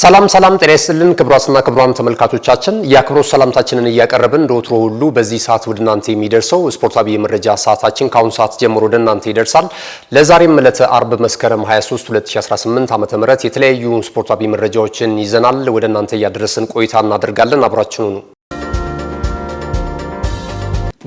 ሰላም ሰላም ጤና ይስጥልን ክቡራትና ክቡራን ተመልካቾቻችን የአክብሮት ሰላምታችንን እያቀረብን እንደ ወትሮ ሁሉ በዚህ ሰዓት ወደ እናንተ የሚደርሰው ስፖርታዊ የመረጃ ሰዓታችን ከአሁን ሰዓት ጀምሮ ወደ እናንተ ይደርሳል። ለዛሬም ዕለተ አርብ መስከረም 23 2018 ዓ ም የተለያዩ ስፖርታዊ መረጃዎችን ይዘናል። ወደ እናንተ እያደረስን ቆይታ እናደርጋለን። አብራችኑ ነው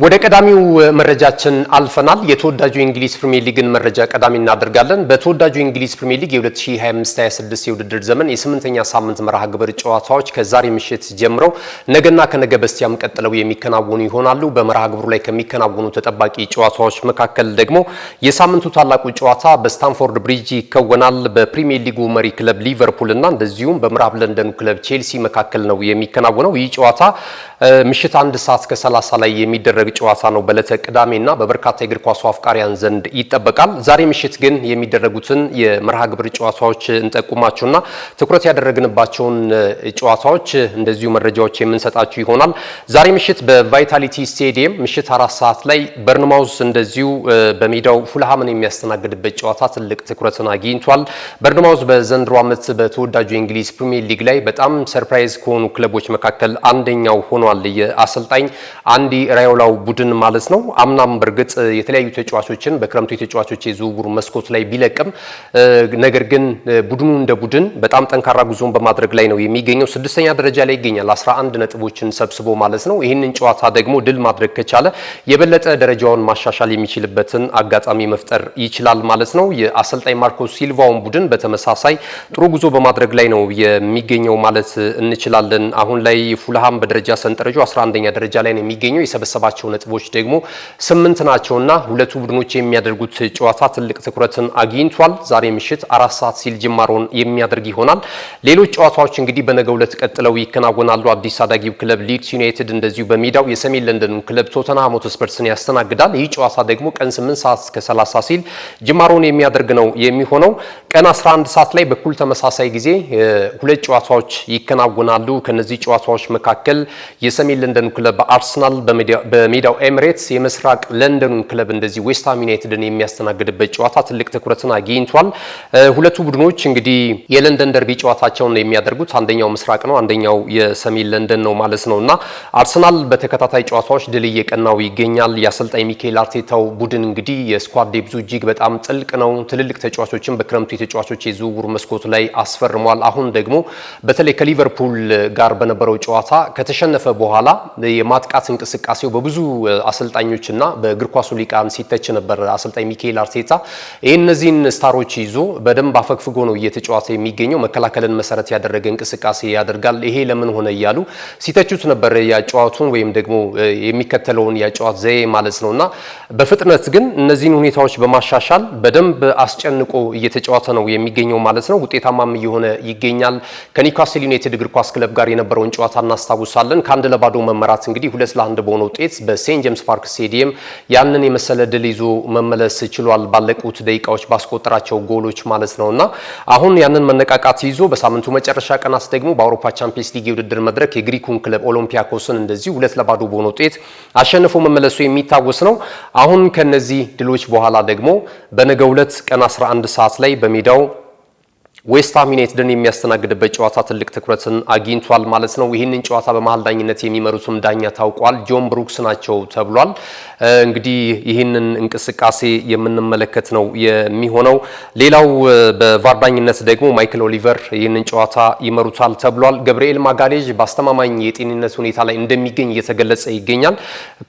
ወደ ቀዳሚው መረጃችን አልፈናል። የተወዳጁ የእንግሊዝ ፕሪሚየር ሊግን መረጃ ቀዳሚ እናደርጋለን። በተወዳጁ የእንግሊዝ ፕሪሚየር ሊግ የ2025/26 የውድድር ዘመን የስምንተኛ ሳምንት መርሃ ግብር ጨዋታዎች ከዛሬ ምሽት ጀምረው ነገና ከነገ በስቲያም ቀጥለው የሚከናወኑ ይሆናሉ። በመርሃ ግብሩ ላይ ከሚከናወኑ ተጠባቂ ጨዋታዎች መካከል ደግሞ የሳምንቱ ታላቁ ጨዋታ በስታንፎርድ ብሪጅ ይከወናል። በፕሪሚየር ሊጉ መሪ ክለብ ሊቨርፑል እና እንደዚሁም በምዕራብ ለንደኑ ክለብ ቼልሲ መካከል ነው የሚከናወነው። ይህ ጨዋታ ምሽት አንድ ሰዓት ከ30 ላይ የሚደረግ የሚደረግ ጨዋታ ነው በለተ ቅዳሜና በበርካታ የእግር ኳሱ አፍቃሪያን ዘንድ ይጠበቃል። ዛሬ ምሽት ግን የሚደረጉትን የመርሃ ግብር ጨዋታዎች እንጠቁማችሁና ትኩረት ያደረግንባቸውን ጨዋታዎች እንደዚሁ መረጃዎች የምንሰጣችሁ ይሆናል። ዛሬ ምሽት በቫይታሊቲ ስቴዲየም ምሽት አራት ሰዓት ላይ በርንማውስ እንደዚሁ በሜዳው ፉልሃምን የሚያስተናግድበት ጨዋታ ትልቅ ትኩረትን አግኝቷል። በርንማውስ በዘንድሮ ዓመት በተወዳጁ የእንግሊዝ ፕሪሚየር ሊግ ላይ በጣም ሰርፕራይዝ ከሆኑ ክለቦች መካከል አንደኛው ሆኗል። የአሰልጣኝ አንዲ ራዮላው ቡድን ማለት ነው። አምናም በእርግጥ የተለያዩ ተጫዋቾችን በክረምቱ የተጫዋቾች የዝውውሩ መስኮት ላይ ቢለቅም ነገር ግን ቡድኑ እንደ ቡድን በጣም ጠንካራ ጉዞን በማድረግ ላይ ነው የሚገኘው። ስድስተኛ ደረጃ ላይ ይገኛል፣ 11 ነጥቦችን ሰብስቦ ማለት ነው። ይህንን ጨዋታ ደግሞ ድል ማድረግ ከቻለ የበለጠ ደረጃውን ማሻሻል የሚችልበትን አጋጣሚ መፍጠር ይችላል ማለት ነው። የአሰልጣኝ ማርኮ ሲልቫውን ቡድን በተመሳሳይ ጥሩ ጉዞ በማድረግ ላይ ነው የሚገኘው ማለት እንችላለን። አሁን ላይ ፉልሃም በደረጃ ሰንጠረዡ 11ኛ ደረጃ ላይ ነው የሚገኘው የሰበሰባቸው ያላቸው ነጥቦች ደግሞ ስምንት ናቸውና ሁለቱ ቡድኖች የሚያደርጉት ጨዋታ ትልቅ ትኩረትን አግኝቷል። ዛሬ ምሽት አራት ሰዓት ሲል ጅማሮን የሚያደርግ ይሆናል። ሌሎች ጨዋታዎች እንግዲህ በነገው ዕለት ቀጥለው ይከናወናሉ። አዲስ አዳጊው ክለብ ሊድስ ዩናይትድ እንደዚሁ በሜዳው የሰሜን ለንደኑ ክለብ ቶተንሃም ሆትስፐርስን ያስተናግዳል። ይህ ጨዋታ ደግሞ ቀን 8 ሰዓት እስከ 30 ሲል ጅማሮን የሚያደርግ ነው የሚሆነው። ቀን 11 ሰዓት ላይ በኩል ተመሳሳይ ጊዜ ሁለት ጨዋታዎች ይከናወናሉ። ከነዚህ ጨዋታዎች መካከል የሰሜን ለንደኑ ክለብ አርሰናል በሜዳው ኤሚሬትስ የምስራቅ ለንደኑን ክለብ እንደዚህ ዌስትሃም ዩናይትድን የሚያስተናግድበት ጨዋታ ትልቅ ትኩረትን አግኝቷል። ሁለቱ ቡድኖች እንግዲህ የለንደን ደርቢ ጨዋታቸውን የሚያደርጉት አንደኛው ምስራቅ ነው፣ አንደኛው የሰሜን ለንደን ነው ማለት ነው እና አርሰናል በተከታታይ ጨዋታዎች ድል እየቀናው ይገኛል። የአሰልጣኝ ሚካኤል አርቴታው ቡድን እንግዲህ የስኳድ ዴብዙ እጅግ በጣም ጥልቅ ነው። ትልልቅ ተጫዋቾችን በክረምቱ የተጫዋቾች የዝውውር መስኮት ላይ አስፈርሟል። አሁን ደግሞ በተለይ ከሊቨርፑል ጋር በነበረው ጨዋታ ከተሸነፈ በኋላ የማጥቃት እንቅስቃሴው በብዙ በብዙ አሰልጣኞችና በእግር ኳሱ ሊቃን ሲተች ነበር አሰልጣኝ ሚካኤል አርቴታ። ይህ እነዚህን ስታሮች ይዞ በደንብ አፈግፍጎ ነው እየተጫወተ የሚገኘው። መከላከልን መሰረት ያደረገ እንቅስቃሴ ያደርጋል። ይሄ ለምን ሆነ እያሉ ሲተቹት ነበር ያጫዋቱን ወይም ደግሞ የሚከተለውን ያጫዋት ዘዬ ማለት እና በፍጥነት ግን እነዚህን ሁኔታዎች በማሻሻል በደንብ አስጨንቆ እየተጫወተ ነው የሚገኘው ማለት ነው። ውጤታማም እየሆነ ይገኛል። ከኒውካስል ዩናይትድ እግር ኳስ ክለብ ጋር የነበረውን ጨዋታ እናስታውሳለን። ከአንድ ለባዶ መመራት እንግዲህ ሁለት ለአንድ በሆነ ውጤት በሴንት ጄምስ ፓርክ ስቴዲየም ያንን የመሰለ ድል ይዞ መመለስ ችሏል። ባለቁት ደቂቃዎች ባስቆጠራቸው ጎሎች ማለት ነውና አሁን ያንን መነቃቃት ይዞ በሳምንቱ መጨረሻ ቀናት ደግሞ በአውሮፓ ቻምፒየንስ ሊግ የውድድር መድረክ የግሪኩን ክለብ ኦሎምፒያኮስን እንደዚሁ ሁለት ለባዶ በሆነ ውጤት አሸንፎ መመለሱ የሚታወስ ነው። አሁን ከነዚህ ድሎች በኋላ ደግሞ በነገ ሁለት ቀን 11 ሰዓት ላይ በሜዳው ዌስትሃም ዩናይትድን የሚያስተናግድበት ጨዋታ ትልቅ ትኩረትን አግኝቷል ማለት ነው። ይህንን ጨዋታ በመሀል ዳኝነት የሚመሩትም ዳኛ ታውቋል። ጆን ብሩክስ ናቸው ተብሏል። እንግዲህ ይህንን እንቅስቃሴ የምንመለከት ነው የሚሆነው። ሌላው በቫር ዳኝነት ደግሞ ማይክል ኦሊቨር ይህንን ጨዋታ ይመሩታል ተብሏል። ገብርኤል ማጋሌዥ በአስተማማኝ የጤንነት ሁኔታ ላይ እንደሚገኝ እየተገለጸ ይገኛል።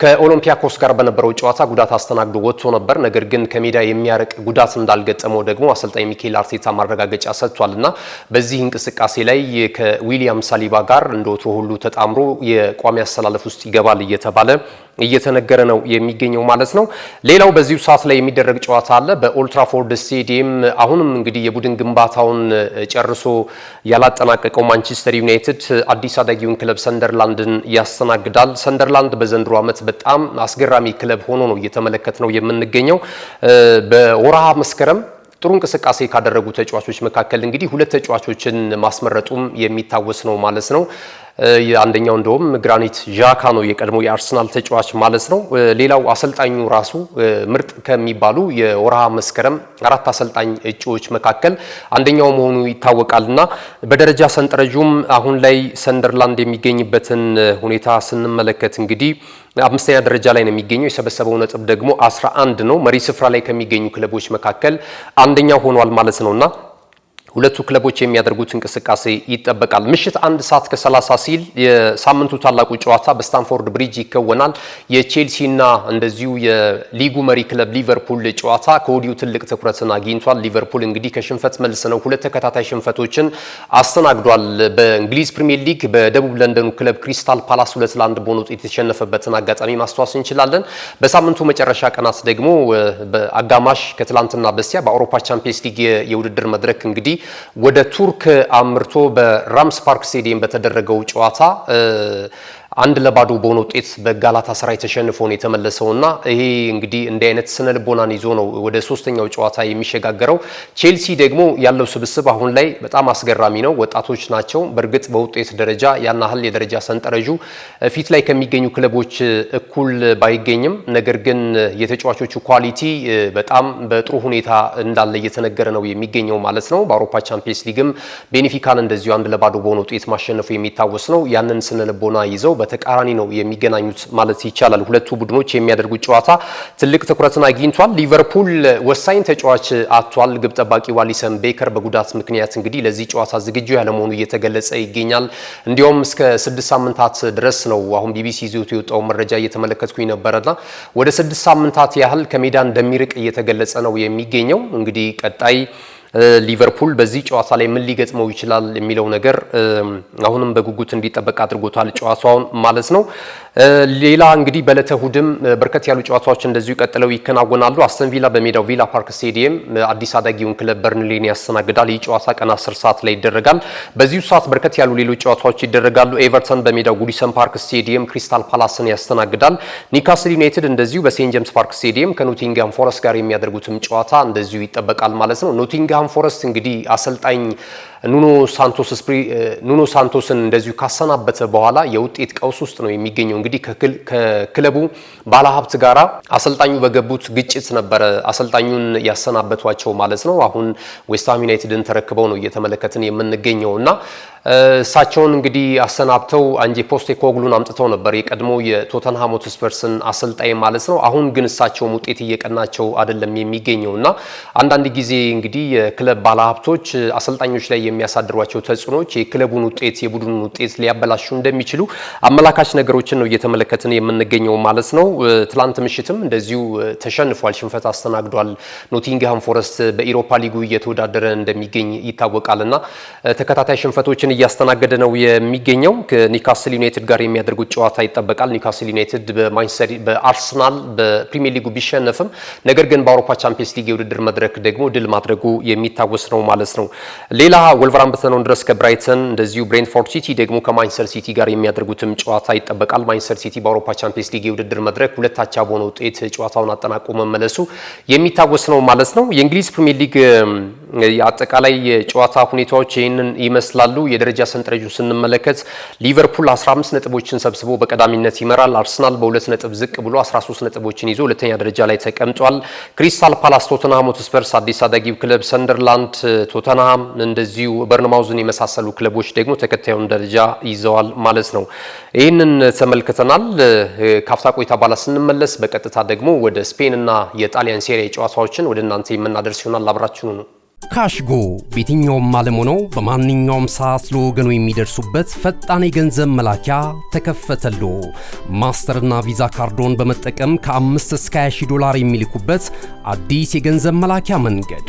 ከኦሎምፒያኮስ ጋር በነበረው ጨዋታ ጉዳት አስተናግዶ ወጥቶ ነበር። ነገር ግን ከሜዳ የሚያርቅ ጉዳት እንዳልገጠመው ደግሞ አሰልጣኝ ሚካኤል አርቴታ ማረጋገጫ ሰጥቷል በዚህ እንቅስቃሴ ላይ ከዊሊያም ሳሊባ ጋር እንደ ወትሮ ሁሉ ተጣምሮ የቋሚ አሰላለፍ ውስጥ ይገባል እየተባለ እየተነገረ ነው የሚገኘው ማለት ነው። ሌላው በዚሁ ሰዓት ላይ የሚደረግ ጨዋታ አለ በኦልትራፎርድ ስቴዲየም። አሁንም እንግዲህ የቡድን ግንባታውን ጨርሶ ያላጠናቀቀው ማንቸስተር ዩናይትድ አዲስ አዳጊውን ክለብ ሰንደርላንድን ያስተናግዳል። ሰንደርላንድ በዘንድሮ ዓመት በጣም አስገራሚ ክለብ ሆኖ ነው እየተመለከት ነው የምንገኘው በወርሃ መስከረም ጥሩ እንቅስቃሴ ካደረጉ ተጫዋቾች መካከል እንግዲህ ሁለት ተጫዋቾችን ማስመረጡም የሚታወስ ነው ማለት ነው። አንደኛው እንደውም ግራኒት ዣካ ነው የቀድሞ የአርሰናል ተጫዋች ማለት ነው። ሌላው አሰልጣኙ ራሱ ምርጥ ከሚባሉ የወርሃ መስከረም አራት አሰልጣኝ እጩዎች መካከል አንደኛው መሆኑ ይታወቃልና በደረጃ ሰንጠረዡም አሁን ላይ ሰንደርላንድ የሚገኝበትን ሁኔታ ስንመለከት እንግዲህ አምስተኛ ደረጃ ላይ ነው የሚገኘው። የሰበሰበው ነጥብ ደግሞ 11 ነው። መሪ ስፍራ ላይ ከሚገኙ ክለቦች መካከል አንደኛው ሆኗል ማለት ነውና ሁለቱ ክለቦች የሚያደርጉት እንቅስቃሴ ይጠበቃል። ምሽት አንድ ሰዓት ከ30 ሲል የሳምንቱ ታላቁ ጨዋታ በስታንፎርድ ብሪጅ ይከወናል። የቼልሲና እንደዚሁ የሊጉ መሪ ክለብ ሊቨርፑል ጨዋታ ከወዲሁ ትልቅ ትኩረትን አግኝቷል። ሊቨርፑል እንግዲህ ከሽንፈት መልስ ነው ሁለት ተከታታይ ሽንፈቶችን አስተናግዷል። በእንግሊዝ ፕሪሚየር ሊግ በደቡብ ለንደኑ ክለብ ክሪስታል ፓላስ ሁለት ለአንድ በሆነ ውጤት የተሸነፈበትን አጋጣሚ ማስታወስ እንችላለን። በሳምንቱ መጨረሻ ቀናት ደግሞ በአጋማሽ ከትላንትና በስቲያ በአውሮፓ ቻምፒየንስ ሊግ የውድድር መድረክ እንግዲህ ወደ ቱርክ አምርቶ በራምስ ፓርክ ስቴዲየም በተደረገው ጨዋታ አንድ ለባዶ በሆነ ውጤት በጋላታ ስራ ተሸንፎ ነው የተመለሰውና ይሄ እንግዲህ እንዲህ አይነት ስነ ልቦናን ይዞ ነው ወደ ሶስተኛው ጨዋታ የሚሸጋገረው። ቼልሲ ደግሞ ያለው ስብስብ አሁን ላይ በጣም አስገራሚ ነው። ወጣቶች ናቸው። በእርግጥ በውጤት ደረጃ ያን ያህል የደረጃ ሰንጠረዡ ፊት ላይ ከሚገኙ ክለቦች እኩል ባይገኝም፣ ነገር ግን የተጫዋቾቹ ኳሊቲ በጣም በጥሩ ሁኔታ እንዳለ እየተነገረ ነው የሚገኘው ማለት ነው። በአውሮፓ ቻምፒየንስ ሊግም ቤኔፊካን እንደዚሁ አንድ ለባዶ በሆነ ውጤት ማሸነፉ የሚታወስ ነው። ያንን ስነ ልቦና ይዘው በተቃራኒ ነው የሚገናኙት ማለት ይቻላል። ሁለቱ ቡድኖች የሚያደርጉት ጨዋታ ትልቅ ትኩረትን አግኝቷል። ሊቨርፑል ወሳኝ ተጫዋች አጥቷል። ግብ ጠባቂ ዋሊሰን ቤከር በጉዳት ምክንያት እንግዲህ ለዚህ ጨዋታ ዝግጁ ያለመሆኑ እየተገለጸ ይገኛል። እንዲሁም እስከ ስድስት ሳምንታት ድረስ ነው አሁን ቢቢሲ ይዞት የወጣው መረጃ እየተመለከትኩኝ ነበረና ወደ ስድስት ሳምንታት ያህል ከሜዳ እንደሚርቅ እየተገለጸ ነው የሚገኘው እንግዲህ ቀጣይ ሊቨርፑል በዚህ ጨዋታ ላይ ምን ሊገጥመው ይችላል የሚለው ነገር አሁንም በጉጉት እንዲጠበቅ አድርጎታል ጨዋታውን ማለት ነው። ሌላ እንግዲህ በዕለተ እሁድም በርከት ያሉ ጨዋታዎች እንደዚሁ ቀጥለው ይከናወናሉ። አስተን ቪላ በሜዳው ቪላ ፓርክ ስቴዲየም አዲስ አዳጊውን ክለብ በርንሌን ያስተናግዳል። ይህ ጨዋታ ቀን 10 ሰዓት ላይ ይደረጋል። በዚሁ ሰዓት በርከት ያሉ ሌሎች ጨዋታዎች ይደረጋሉ። ኤቨርተን በሜዳው ጉዲሰን ፓርክ ስቴዲየም ክሪስታል ፓላስን ያስተናግዳል። ኒካስል ዩናይትድ እንደዚሁ በሴንት ጀምስ ፓርክ ስቴዲየም ከኖቲንግሃም ፎረስት ጋር የሚያደርጉትም ጨዋታ እንደዚሁ ይጠበቃል ማለት ነው። ኖቲንግሃም ፎረስት እንግዲህ አሰልጣኝ ኑኖ ሳንቶስ ኑኖ ሳንቶስን እንደዚሁ ካሰናበተ በኋላ የውጤት ቀውስ ውስጥ ነው የሚገኘው እንግዲህ ከክለቡ ባለሀብት ጋራ አሰልጣኙ በገቡት ግጭት ነበረ አሰልጣኙን ያሰናበቷቸው ማለት ነው። አሁን ዌስትሃም ዩናይትድን ተረክበው ነው እየተመለከትን የምንገኘው እና እሳቸውን እንግዲህ አሰናብተው አንጄ ኮግሉን አምጥተው ነበር የቀድሞ የቶተንሃም ሆትስፐርስን አሰልጣኝ ማለት ነው። አሁን ግን እሳቸውም ውጤት እየቀናቸው አይደለም የሚገኘው እና አንዳንድ ጊዜ እንግዲህ የክለብ ባለሀብቶች አሰልጣኞች ላይ የሚያሳድሯቸው ተጽዕኖዎች የክለቡን ውጤት የቡድኑን ውጤት ሊያበላሹ እንደሚችሉ አመላካች ነገሮችን ነው እየተመለከትን የምንገኘው ማለት ነው። ትላንት ምሽትም እንደዚሁ ተሸንፏል፣ ሽንፈት አስተናግዷል። ኖቲንግሃም ፎረስት በኢሮፓ ሊጉ እየተወዳደረ እንደሚገኝ ይታወቃል እና ተከታታይ ሽንፈቶችን እያስተናገደ ነው የሚገኘው። ከኒካስል ዩናይትድ ጋር የሚያደርጉት ጨዋታ ይጠበቃል። ኒካስል ዩናይትድ በማንቸስተር በአርሰናል በፕሪሚየር ሊጉ ቢሸነፍም ነገር ግን በአውሮፓ ቻምፒየንስ ሊግ የውድድር መድረክ ደግሞ ድል ማድረጉ የሚታወስ ነው ማለት ነው። ሌላ ወልቨራምበተነውን ድረስ ከብራይተን እንደዚሁ ብሬንፎርድ ሲቲ ደግሞ ከማንቸስተር ሲቲ ጋር የሚያደርጉትም ጨዋታ ይጠበቃል። ማንቸስተር ሲቲ በአውሮፓ ቻምፒየንስ ሊግ የውድድር መድረክ ሁለት አቻ በሆነ ውጤት ጨዋታውን አጠናቆ መመለሱ የሚታወስ ነው ማለት ነው። የእንግሊዝ ፕሪሚየር ሊግ አጠቃላይ የጨዋታ ሁኔታዎች ይህንን ይመስላሉ። የደረጃ ሰንጠረዡን ስንመለከት ሊቨርፑል 15 ነጥቦችን ሰብስቦ በቀዳሚነት ይመራል። አርሰናል በሁለት ነጥብ ዝቅ ብሎ 13 ነጥቦችን ይዞ ሁለተኛ ደረጃ ላይ ተቀምጧል። ክሪስታል ፓላስ፣ ቶተንሃም ሆትስፐርስ፣ አዲስ አዳጊው ክለብ፣ ሰንደርላንድ፣ ቶተንሃም እንደዚሁ በርንማውዝን የመሳሰሉ ክለቦች ደግሞ ተከታዩን ደረጃ ይዘዋል ማለት ነው። ይህንን ተመልክተናል። ካፍታ ቆይታ በኋላ ስንመለስ በቀጥታ ደግሞ ወደ ስፔን እና የጣሊያን ሴሪያ ጨዋታዎችን ወደ እናንተ የምናደርስ ይሆናል። አብራችኑ ነው። ካሽጎ በየትኛውም ዓለም ሆነው በማንኛውም ሰዓት ለወገኑ የሚደርሱበት ፈጣን የገንዘብ መላኪያ ተከፈተሉ። ማስተርና ቪዛ ካርዶን በመጠቀም ከ5 እስከ 20 ዶላር የሚልኩበት አዲስ የገንዘብ መላኪያ መንገድ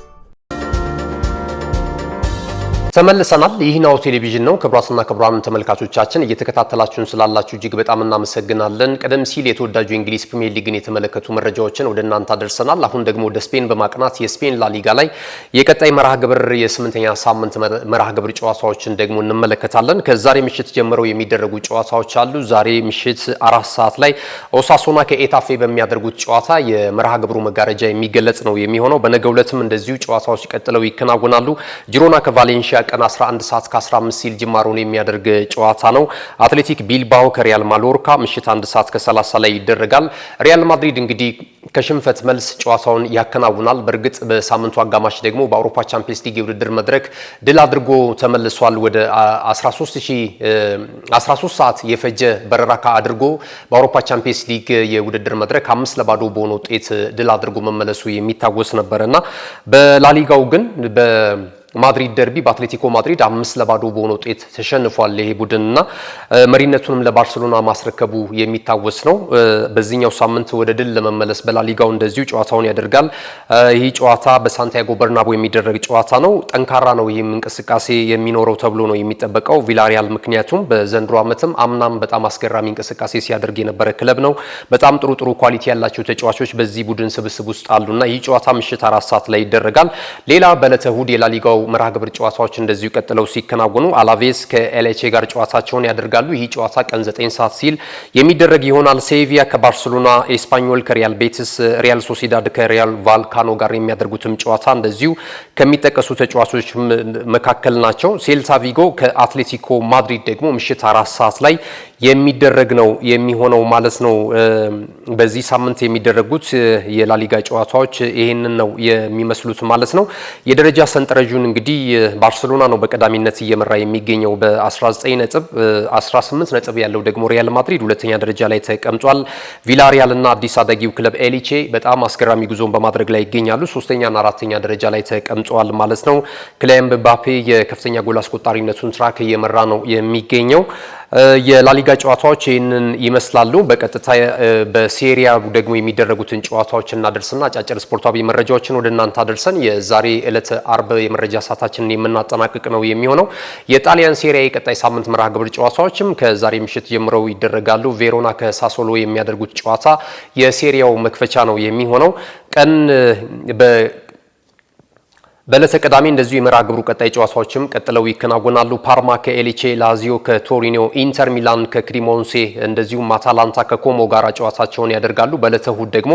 ተመልሰናል። ይህ ናሁ ቴሌቪዥን ነው። ክቡራትና ክቡራን ተመልካቾቻችን እየተከታተላችሁን ስላላችሁ እጅግ በጣም እናመሰግናለን። ቀደም ሲል የተወዳጁ የእንግሊዝ ፕሪሚየር ሊግን የተመለከቱ መረጃዎችን ወደ እናንተ አደርሰናል። አሁን ደግሞ ወደ ስፔን በማቅናት የስፔን ላሊጋ ላይ የቀጣይ መርሃ ግብር የስምንተኛ ሳምንት መርሃ ግብር ጨዋታዎችን ደግሞ እንመለከታለን። ከዛሬ ምሽት ጀምረው የሚደረጉ ጨዋታዎች አሉ። ዛሬ ምሽት አራት ሰዓት ላይ ኦሳሶና ከኤታፌ በሚያደርጉት ጨዋታ የመርሃ ግብሩ መጋረጃ የሚገለጽ ነው የሚሆነው። በነገው ዕለትም እንደዚሁ ጨዋታዎች ቀጥለው ይከናወናሉ። ጂሮና ከቫሌንሺያ ቀን 11 ሰዓት ከ15 ሲል ጅማሮን የሚያደርግ ጨዋታ ነው። አትሌቲክ ቢልባኦ ከሪያል ማሎርካ ምሽት 1 ሰዓት ከ30 ላይ ይደረጋል። ሪያል ማድሪድ እንግዲህ ከሽንፈት መልስ ጨዋታውን ያከናውናል። በእርግጥ በሳምንቱ አጋማሽ ደግሞ በአውሮፓ ቻምፒየንስ ሊግ የውድድር መድረክ ድል አድርጎ ተመልሷል። ወደ 13 ሰዓት የፈጀ በረራ አድርጎ በአውሮፓ ቻምፒየንስ ሊግ የውድድር መድረክ አምስት ለባዶ በሆነ ውጤት ድል አድርጎ መመለሱ የሚታወስ ነበረ እና በላሊጋው ግን ማድሪድ ደርቢ በአትሌቲኮ ማድሪድ አምስት ለባዶ በሆነ ውጤት ተሸንፏል። ይሄ ቡድንና መሪነቱንም ለባርሰሎና ማስረከቡ የሚታወስ ነው። በዚህኛው ሳምንት ወደ ድል ለመመለስ በላሊጋው እንደዚሁ ጨዋታውን ያደርጋል። ይህ ጨዋታ በሳንቲያጎ በርናቦ የሚደረግ ጨዋታ ነው። ጠንካራ ነው ይህም እንቅስቃሴ የሚኖረው ተብሎ ነው የሚጠበቀው ቪላሪያል። ምክንያቱም በዘንድሮ ዓመትም አምናም በጣም አስገራሚ እንቅስቃሴ ሲያደርግ የነበረ ክለብ ነው። በጣም ጥሩ ጥሩ ኳሊቲ ያላቸው ተጫዋቾች በዚህ ቡድን ስብስብ ውስጥ አሉና ይህ ጨዋታ ምሽት አራት ሰዓት ላይ ይደረጋል። ሌላ በዕለተ እሁድ የላሊጋው መርሃ ግብር ጨዋታዎች እንደዚሁ ቀጥለው ሲከናወኑ አላቬስ ከኤልኤቼ ጋር ጨዋታቸውን ያደርጋሉ። ይህ ጨዋታ ቀን 9 ሰዓት ሲል የሚደረግ ይሆናል። ሴቪያ ከባርሴሎና፣ ኤስፓኞል ከሪያል ቤትስ፣ ሪያል ሶሲዳድ ከሪያል ቫልካኖ ጋር የሚያደርጉትም ጨዋታ እንደዚሁ ከሚጠቀሱ ተጫዋቾች መካከል ናቸው። ሴልታ ቪጎ ከአትሌቲኮ ማድሪድ ደግሞ ምሽት አራት ሰዓት ላይ የሚደረግ ነው የሚሆነው ማለት ነው። በዚህ ሳምንት የሚደረጉት የላሊጋ ጨዋታዎች ይህንን ነው የሚመስሉት ማለት ነው። የደረጃ ሰንጠረዡን እንግዲህ ባርሰሎና ነው በቀዳሚነት እየመራ የሚገኘው በ19 ነጥብ፣ 18 ነጥብ ያለው ደግሞ ሪያል ማድሪድ ሁለተኛ ደረጃ ላይ ተቀምጧል። ቪላሪያል እና አዲስ አዳጊው ክለብ ኤሊቼ በጣም አስገራሚ ጉዞን በማድረግ ላይ ይገኛሉ። ሶስተኛና አራተኛ ደረጃ ላይ ተቀምጠዋል ማለት ነው። ክሊያን ምባፔ የከፍተኛ ጎል አስቆጣሪነቱን ትራክ እየመራ ነው የሚገኘው። የላሊጋ ጨዋታዎች ይህንን ይመስላሉ። በቀጥታ በሴሪያ ደግሞ የሚደረጉትን ጨዋታዎች እናደርስና አጫጭር ስፖርታዊ መረጃዎችን ወደ እናንተ አደርሰን የዛሬ ዕለት አርብ የመረጃ ሰዓታችንን የምናጠናቅቅ ነው የሚሆነው። የጣሊያን ሴሪያ የቀጣይ ሳምንት መርሃ ግብር ጨዋታዎችም ከዛሬ ምሽት ጀምረው ይደረጋሉ። ቬሮና ከሳሶሎ የሚያደርጉት ጨዋታ የሴሪያው መክፈቻ ነው የሚሆነው ቀን በዕለተ ቅዳሜ እንደዚሁ የመርሃ ግብሩ ቀጣይ ጨዋታዎችም ቀጥለው ይከናወናሉ። ፓርማ ከኤሊቼ፣ ላዚዮ ከቶሪኒዮ፣ ኢንተር ሚላን ከክሪሞንሴ እንደዚሁም አታላንታ ከኮሞ ጋር ጨዋታቸውን ያደርጋሉ። በዕለተ እሁድ ደግሞ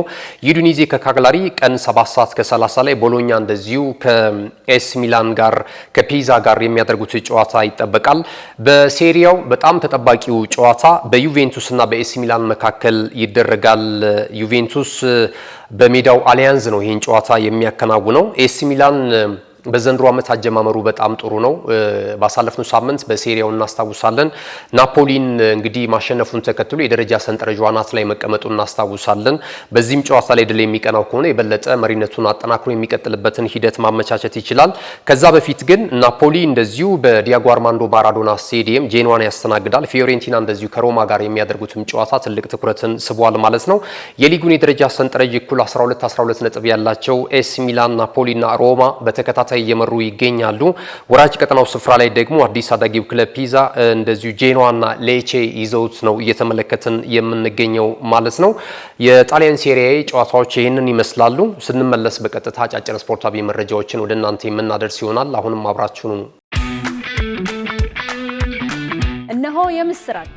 ዩዱኒዜ ከካግላሪ ቀን 7 ሰዓት ከ30 ላይ፣ ቦሎኛ እንደዚሁ ከኤስ ሚላን ጋር ከፒዛ ጋር የሚያደርጉት ጨዋታ ይጠበቃል። በሴሪያው በጣም ተጠባቂው ጨዋታ በዩቬንቱስና በኤስ ሚላን መካከል ይደረጋል። ዩቬንቱስ በሜዳው አሊያንዝ ነው ይህን ጨዋታ የሚያከናውነው ኤሲ ሚላን በዘንድሮ ዓመት አጀማመሩ በጣም ጥሩ ነው። ባሳለፍነው ሳምንት በሴሪያው እናስታውሳለን ናፖሊን እንግዲህ ማሸነፉን ተከትሎ የደረጃ ሰንጠረዡ አናት ላይ መቀመጡን እናስታውሳለን። በዚህም ጨዋታ ላይ ድል የሚቀናው ከሆነ የበለጠ መሪነቱን አጠናክሮ የሚቀጥልበትን ሂደት ማመቻቸት ይችላል። ከዛ በፊት ግን ናፖሊ እንደዚሁ በዲያጎ አርማንዶ ማራዶና ስቴዲየም ጄንዋን ያስተናግዳል። ፊዮሬንቲና እንደዚሁ ከሮማ ጋር የሚያደርጉትም ጨዋታ ትልቅ ትኩረትን ስቧል ማለት ነው። የሊጉን የደረጃ ሰንጠረዥ እኩል 12 12 ነጥብ ያላቸው ኤስ ሚላን፣ ናፖሊና ሮማ በተከታታይ ተከታታይ እየመሩ ይገኛሉ። ወራጅ ቀጠናው ስፍራ ላይ ደግሞ አዲስ አዳጊው ክለብ ፒዛ እንደዚሁ ጄኖዋና ሌቼ ይዘውት ነው እየተመለከትን የምንገኘው ማለት ነው። የጣሊያን ሴሪያ ጨዋታዎች ይህንን ይመስላሉ። ስንመለስ በቀጥታ አጫጭር ስፖርታዊ መረጃዎችን ወደ እናንተ የምናደርስ ይሆናል። አሁንም አብራችሁ እነሆ የምስራች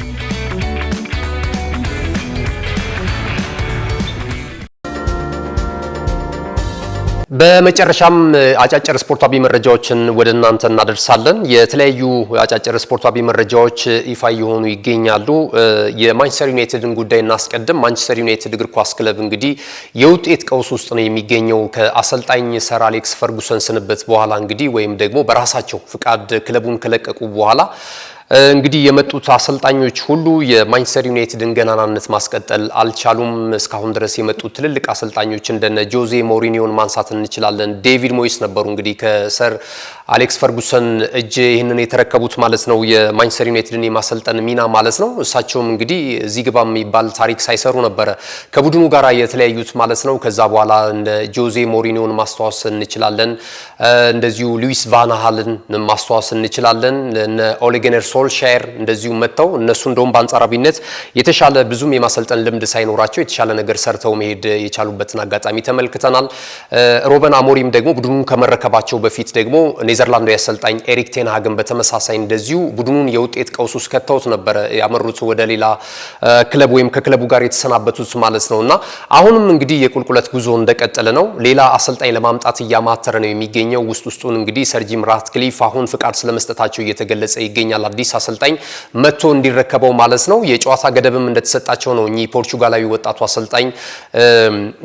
በመጨረሻም አጫጭር ስፖርታዊ መረጃዎችን ወደ እናንተ እናደርሳለን። የተለያዩ አጫጭር ስፖርታዊ መረጃዎች ይፋ እየሆኑ ይገኛሉ። የማንቸስተር ዩናይትድን ጉዳይ እናስቀድም። ማንቸስተር ዩናይትድ እግር ኳስ ክለብ እንግዲህ የውጤት ቀውስ ውስጥ ነው የሚገኘው። ከአሰልጣኝ ሰር አሌክስ ፈርጉሰን ስንበት በኋላ እንግዲህ ወይም ደግሞ በራሳቸው ፍቃድ ክለቡን ከለቀቁ በኋላ እንግዲህ የመጡት አሰልጣኞች ሁሉ የማንቸስተር ዩናይትድን ገናናነት ማስቀጠል አልቻሉም። እስካሁን ድረስ የመጡት ትልልቅ አሰልጣኞች እንደነ ጆዜ ሞሪኒዮን ማንሳት እንችላለን። ዴቪድ ሞይስ ነበሩ እንግዲህ ከሰር አሌክስ ፈርጉሰን እጅ ይህንን የተረከቡት ማለት ነው፣ የማንቸስተር ዩናይትድን የማሰልጠን ሚና ማለት ነው። እሳቸውም እንግዲህ እዚህ ግባ የሚባል ታሪክ ሳይሰሩ ነበረ ከቡድኑ ጋር የተለያዩት ማለት ነው። ከዛ በኋላ እንደ ጆዜ ሞሪኒዮን ማስተዋወስ እንችላለን። እንደዚሁ ሉዊስ ቫናሃልን ማስተዋወስ እንችላለን። ኦሌ ጉናር ሶልሻየር እንደዚሁ መጥተው እነሱ እንደውም በአንጻራዊነት የተሻለ ብዙም የማሰልጠን ልምድ ሳይኖራቸው የተሻለ ነገር ሰርተው መሄድ የቻሉበትን አጋጣሚ ተመልክተናል። ሮበን አሞሪም ደግሞ ቡድኑን ከመረከባቸው በፊት ደግሞ ኔዘርላንዳዊ አሰልጣኝ ኤሪክ ቴንሃግን በተመሳሳይ እንደዚሁ ቡድኑን የውጤት ቀውስ ውስጥ ከተውት ነበረ ያመሩት ወደ ሌላ ክለብ ወይም ከክለቡ ጋር የተሰናበቱት ማለት ነው እና አሁንም እንግዲህ የቁልቁለት ጉዞ እንደቀጠለ ነው። ሌላ አሰልጣኝ ለማምጣት እያማተረ ነው የሚገኘው። ውስጥ ውስጡን እንግዲህ ሰር ጂም ራትክሊፍ አሁን ፍቃድ ስለመስጠታቸው እየተገለጸ ይገኛል። አዲስ አዲስ አሰልጣኝ መጥቶ እንዲረከበው ማለት ነው። የጨዋታ ገደብም እንደተሰጣቸው ነው እኚህ ፖርቹጋላዊ ወጣቱ አሰልጣኝ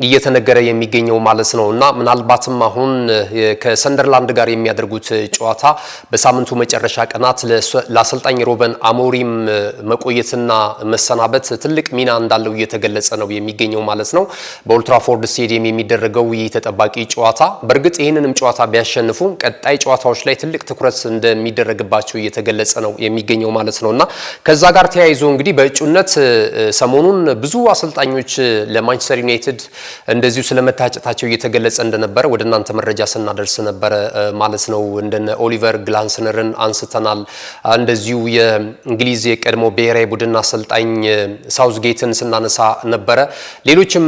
እየተነገረ የሚገኘው ማለት ነው እና ምናልባትም አሁን ከሰንደርላንድ ጋር የሚያደርጉት ጨዋታ በሳምንቱ መጨረሻ ቀናት ለአሰልጣኝ ሮበን አሞሪም መቆየትና መሰናበት ትልቅ ሚና እንዳለው እየተገለጸ ነው የሚገኘው ማለት ነው። በኦልትራፎርድ ስቴዲየም የሚደረገው ይህ ተጠባቂ ጨዋታ በእርግጥ ይህንንም ጨዋታ ቢያሸንፉ ቀጣይ ጨዋታዎች ላይ ትልቅ ትኩረት እንደሚደረግባቸው እየተገለጸ ነው። የሚገኘው ማለት ነው እና ከዛ ጋር ተያይዞ እንግዲህ በእጩነት ሰሞኑን ብዙ አሰልጣኞች ለማንቸስተር ዩናይትድ እንደዚሁ ስለመታጨታቸው እየተገለጸ እንደነበረ ወደ እናንተ መረጃ ስናደርስ ነበረ ማለት ነው። እንደነ ኦሊቨር ግላንስነርን አንስተናል። እንደዚሁ የእንግሊዝ የቀድሞ ብሔራዊ ቡድን አሰልጣኝ ሳውዝጌትን ስናነሳ ነበረ። ሌሎችም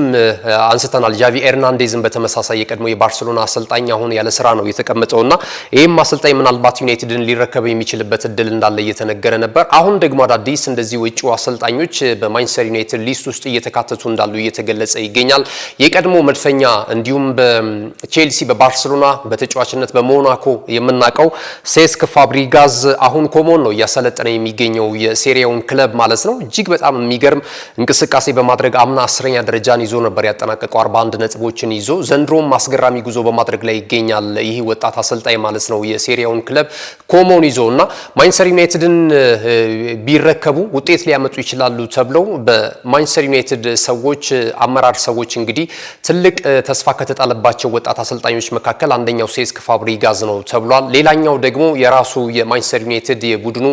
አንስተናል። ጃቪ ኤርናንዴዝን በተመሳሳይ የቀድሞ የባርሴሎና አሰልጣኝ አሁን ያለ ስራ ነው የተቀመጠውና ይህም አሰልጣኝ ምናልባት ዩናይትድን ሊረከብ የሚችልበት እድል እንዳለ እየተነገረ ነበር። አሁን ደግሞ አዳዲስ እንደዚህ ውጭ አሰልጣኞች በማንቸስተር ዩናይትድ ሊስት ውስጥ እየተካተቱ እንዳሉ እየተገለጸ ይገኛል። የቀድሞ መድፈኛ እንዲሁም በቼልሲ በባርሴሎና በተጫዋችነት በሞናኮ የምናውቀው ሴስክ ፋብሪጋዝ አሁን ኮሞን ነው እያሰለጠነ የሚገኘው የሴሪያውን ክለብ ማለት ነው። እጅግ በጣም የሚገርም እንቅስቃሴ በማድረግ አምና አስረኛ ደረጃን ይዞ ነበር ያጠናቀቀው 41 ነጥቦችን ይዞ ዘንድሮም አስገራሚ ጉዞ በማድረግ ላይ ይገኛል። ይህ ወጣት አሰልጣኝ ማለት ነው የሴሪያውን ክለብ ኮሞን ይዞ እና ማንቸስተር ዩናይትድ ዩናይትድን ቢረከቡ ውጤት ሊያመጡ ይችላሉ ተብለው በማንቸስተር ዩናይትድ ሰዎች አመራር ሰዎች እንግዲህ ትልቅ ተስፋ ከተጣለባቸው ወጣት አሰልጣኞች መካከል አንደኛው ሴስክ ፋብሪጋዝ ነው ተብሏል። ሌላኛው ደግሞ የራሱ የማንቸስተር ዩናይትድ የቡድኑ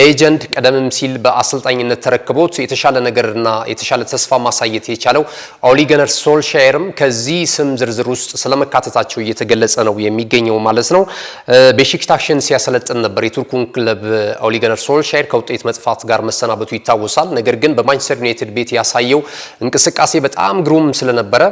ሌጀንድ ቀደምም ሲል በአሰልጣኝነት ተረክቦት የተሻለ ነገርና የተሻለ ተስፋ ማሳየት የቻለው ኦሊገነር ሶልሻየርም ከዚህ ስም ዝርዝር ውስጥ ስለመካተታቸው እየተገለጸ ነው የሚገኘው ማለት ነው። ቤሺክታሽን ሲያሰለጥን ነበር የቱርኩን ክለብ ኦሊ ገነር ሶልሻየር ከውጤት መጥፋት ጋር መሰናበቱ ይታወሳል። ነገር ግን በማንቸስተር ዩናይትድ ቤት ያሳየው እንቅስቃሴ በጣም ግሩም ስለነበረ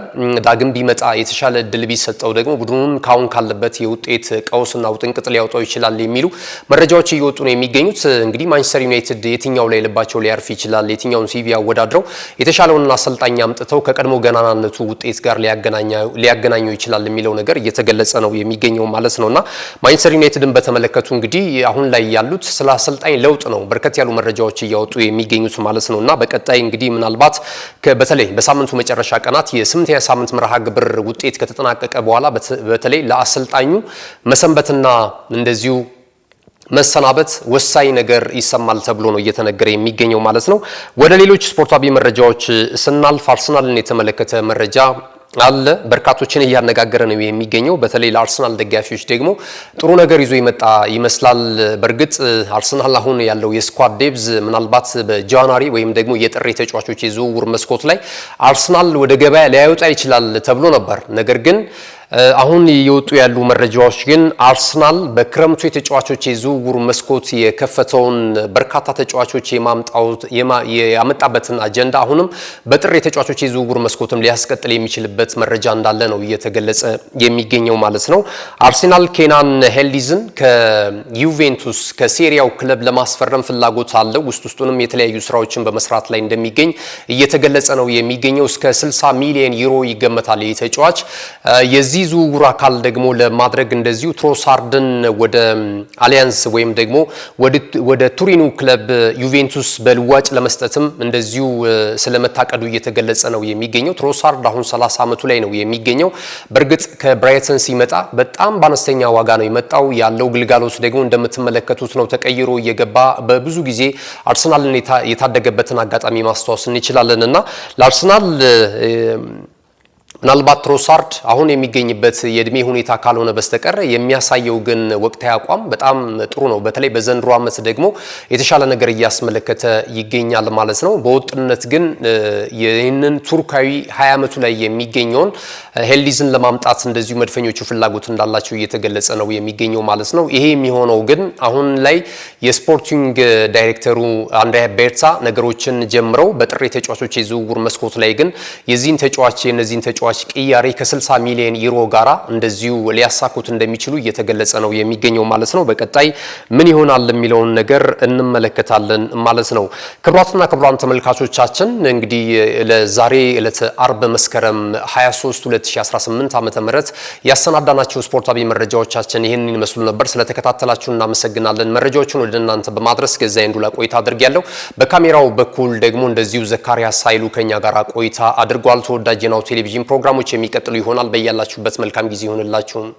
ዳግም ቢመጣ የተሻለ እድል ቢሰጠው ደግሞ ቡድኑን ካሁን ካለበት የውጤት ቀውስና ውጥንቅጥ ሊያወጣው ይችላል የሚሉ መረጃዎች እየወጡ ነው የሚገኙት። እንግዲህ ማንቸስተር ዩናይትድ የትኛው ላይ ልባቸው ሊያርፍ ይችላል፣ የትኛውን ሲቪ አወዳድረው የተሻለውን አሰልጣኝ አምጥተው ከቀድሞ ገናናነቱ ውጤት ጋር ሊያገናኘው ይችላል የሚለው ነገር እየተገለጸ ነው የሚገኘው ማለት ነውና ማንቸስተር ዩናይትድን በተመለከቱ እንግዲህ አሁን ላይ ያሉት ስላሴ አሰልጣኝ ለውጥ ነው በርከት ያሉ መረጃዎች እያወጡ የሚገኙት ማለት ነው እና በቀጣይ እንግዲህ ምናልባት በተለይ በሳምንቱ መጨረሻ ቀናት የስምንተኛ ሳምንት መርሃ ግብር ውጤት ከተጠናቀቀ በኋላ በተለይ ለአሰልጣኙ መሰንበትና እንደዚሁ መሰናበት ወሳኝ ነገር ይሰማል ተብሎ ነው እየተነገረ የሚገኘው ማለት ነው። ወደ ሌሎች ስፖርታዊ መረጃዎች ስናልፍ አርሰናልን የተመለከተ መረጃ አለ በርካቶችን እያነጋገረ ነው የሚገኘው። በተለይ ለአርሰናል ደጋፊዎች ደግሞ ጥሩ ነገር ይዞ ይመጣ ይመስላል። በእርግጥ አርሰናል አሁን ያለው የስኳድ ዴብዝ ምናልባት በጃንዋሪ ወይም ደግሞ የጥሬ ተጫዋቾች የዝውውር መስኮት ላይ አርሰናል ወደ ገበያ ሊያወጣ ይችላል ተብሎ ነበር ነገር ግን አሁን እየወጡ ያሉ መረጃዎች ግን አርሰናል በክረምቱ የተጫዋቾች የዝውውር መስኮት የከፈተውን በርካታ ተጫዋቾች ያመጣበትን አጀንዳ አሁንም በጥር የተጫዋቾች የዝውውር መስኮትም ሊያስቀጥል የሚችልበት መረጃ እንዳለ ነው እየተገለጸ የሚገኘው ማለት ነው። አርሰናል ኬናን ሄልዲዝን ከዩቬንቱስ ከሴሪያው ክለብ ለማስፈረም ፍላጎት አለው። ውስጥ ውስጡንም የተለያዩ ስራዎችን በመስራት ላይ እንደሚገኝ እየተገለጸ ነው የሚገኘው። እስከ 60 ሚሊዮን ዩሮ ይገመታል ይህ ተጫዋች የዚህ የዚህ ዝውውር አካል ደግሞ ለማድረግ እንደዚሁ ትሮሳርድን ወደ አሊያንስ ወይም ደግሞ ወደ ቱሪኑ ክለብ ዩቬንቱስ በልዋጭ ለመስጠትም እንደዚሁ ስለመታቀዱ እየተገለጸ ነው የሚገኘው። ትሮሳርድ አሁን 30 ዓመቱ ላይ ነው የሚገኘው። በእርግጥ ከብራይተን ሲመጣ በጣም በአነስተኛ ዋጋ ነው የመጣው። ያለው ግልጋሎት ደግሞ እንደምትመለከቱት ነው። ተቀይሮ እየገባ በብዙ ጊዜ አርሰናልን የታደገበትን አጋጣሚ ማስታወስ እንችላለን እና ለአርሰናል ምናልባት ትሮሳርድ አሁን የሚገኝበት የእድሜ ሁኔታ ካልሆነ በስተቀር የሚያሳየው ግን ወቅታዊ አቋም በጣም ጥሩ ነው። በተለይ በዘንድሮ ዓመት ደግሞ የተሻለ ነገር እያስመለከተ ይገኛል ማለት ነው። በወጥነት ግን ይህንን ቱርካዊ ሀያ ዓመቱ ላይ የሚገኘውን ሄልዲዝን ለማምጣት እንደዚሁ መድፈኞቹ ፍላጎት እንዳላቸው እየተገለጸ ነው የሚገኘው ማለት ነው። ይሄ የሚሆነው ግን አሁን ላይ የስፖርቲንግ ዳይሬክተሩ አንድሪያ ቤርታ ነገሮችን ጀምረው በጥር የተጫዋቾች የዝውውር መስኮት ላይ ግን የዚህን ተጫዋች የነዚህን ተጫዋች ተጫዋች ቅያሬ ከ60 ሚሊዮን ዩሮ ጋራ እንደዚሁ ሊያሳኩት እንደሚችሉ እየተገለጸ ነው የሚገኘው ማለት ነው። በቀጣይ ምን ይሆናል የሚለውን ነገር እንመለከታለን ማለት ነው። ክቡራትና ክቡራን ተመልካቾቻችን እንግዲህ ለዛሬ ዕለት አርብ መስከረም 23 2018 ዓ ም ያሰናዳናቸው ስፖርታዊ መረጃዎቻችን ይህንን ይመስሉ ነበር። ስለተከታተላችሁ እናመሰግናለን። መረጃዎችን ወደ እናንተ በማድረስ ገዛ ይንዱላ ቆይታ አድርጌያለሁ በካሜራው በኩል ደግሞ እንደዚሁ ዘካሪያ ሳይሉ ከኛ ጋር ቆይታ አድርጓል። ተወዳጅ ናሁ ቴሌቪዥን ፕሮግራሞች የሚቀጥሉ ይሆናል። በያላችሁበት መልካም ጊዜ ይሆንላችሁም።